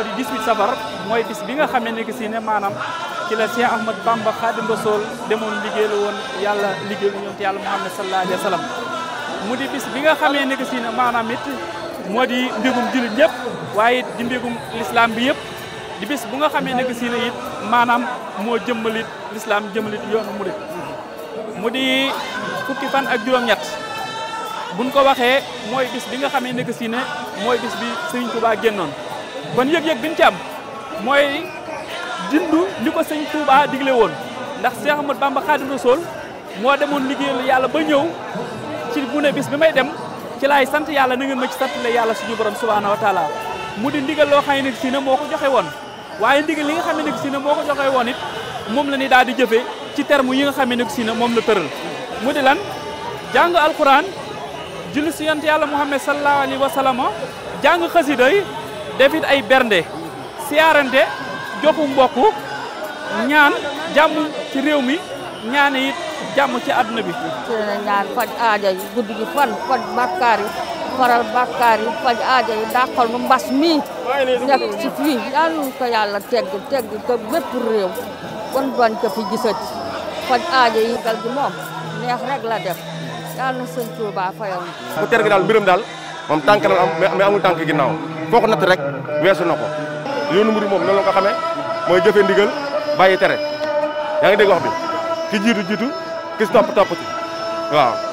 moo di 18 mooy bis bi nga xamee ne que si ne maanaam ci la Cheikh Ahmad Bamba Khadim Rasoul demoon liggéeyal woon yàlla liggéeyal ñoom te yàlla Muhammad sallallahu alayhi wa sallam mu di bis bi nga xamee ne que si ne maanaam it moo di mbégum jullit ñëpp waaye it di lislaam bi yëpp di bis bu nga xamee ne que si ne it maanaam moo jëmmalit lislaam jëmmalit yoonu murit mu di fukki fan ak juróom-ñett buñ ko waxee mooy bis bi nga xamee ne que si ne mooy bis bi Serigne Touba kon yëg-yëg bi ñu ci am mooy dindu li ko sëñ Touba digle woon ndax Cheikh Ahmad Bamba Khadim Rasoul moo demoon liggéeyal yàlla ba ñëw ci bu ne bis bi may dem ci laay sant yàlla na ngeen ma ci sant la yàlla suñu borom subhaanahu wa taala mu di ndigal loo xam ne si na moo ko joxe woon waaye ndigal li nga xam ne si na moo ko joxe woon it moom la ni daal di jëfee ci terme yi nga xam ne si na moom la tëral mu di lan jàng alquran julli si yant yàlla Muhammad sallallahu alayhi wa sallam jàng xasida yi defit ay bernde siyaarante joxu mbokk ñaan jàmm ci réew mi ñaan jàmm ci àdduna bi seen ñaan faj aajo yi guddi gi fan faj bàkkaar yi faral bàkkaar yi faj aajo yi dàqal nu mbas mii nekk ci fii yal nañu ko yàlla tegg tegg ko bépp réew kon faj aajo yi neex rek la def yal na sëñ daal moom tànk la am mais foo ko natt rek weesu na ko yoonu murid moom noonu la ko xamee mooy jëfe ndigal bàyyi tere yaa ngi dégg wax bi ki jiitu jiitu ki si topp topp ci waaw